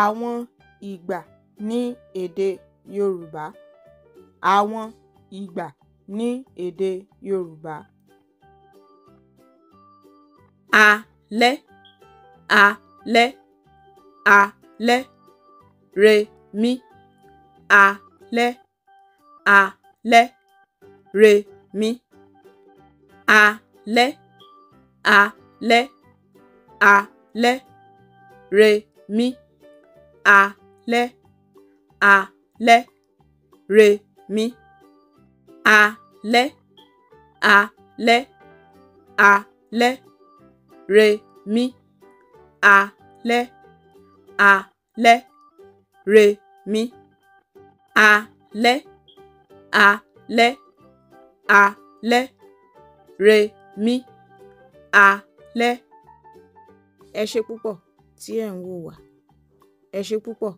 àwọn ìgbà ní èdè Yorùbá àwọn ìgbà ní èdè Yorùbá. alẹ́ alẹ́ alẹ́ rẹmí alẹ́ alẹ́ rẹmí alẹ́ alẹ́ alẹ́ rẹmí alẹ́ alẹ́ re mi alẹ́ alẹ́ alẹ́ re mi alẹ́ alẹ́ re mi alẹ́ alẹ́ alẹ́ re mi alẹ́. Ẹ ṣé púpọ̀ tí ẹ̀ ń wò wá. é Gil Pupó.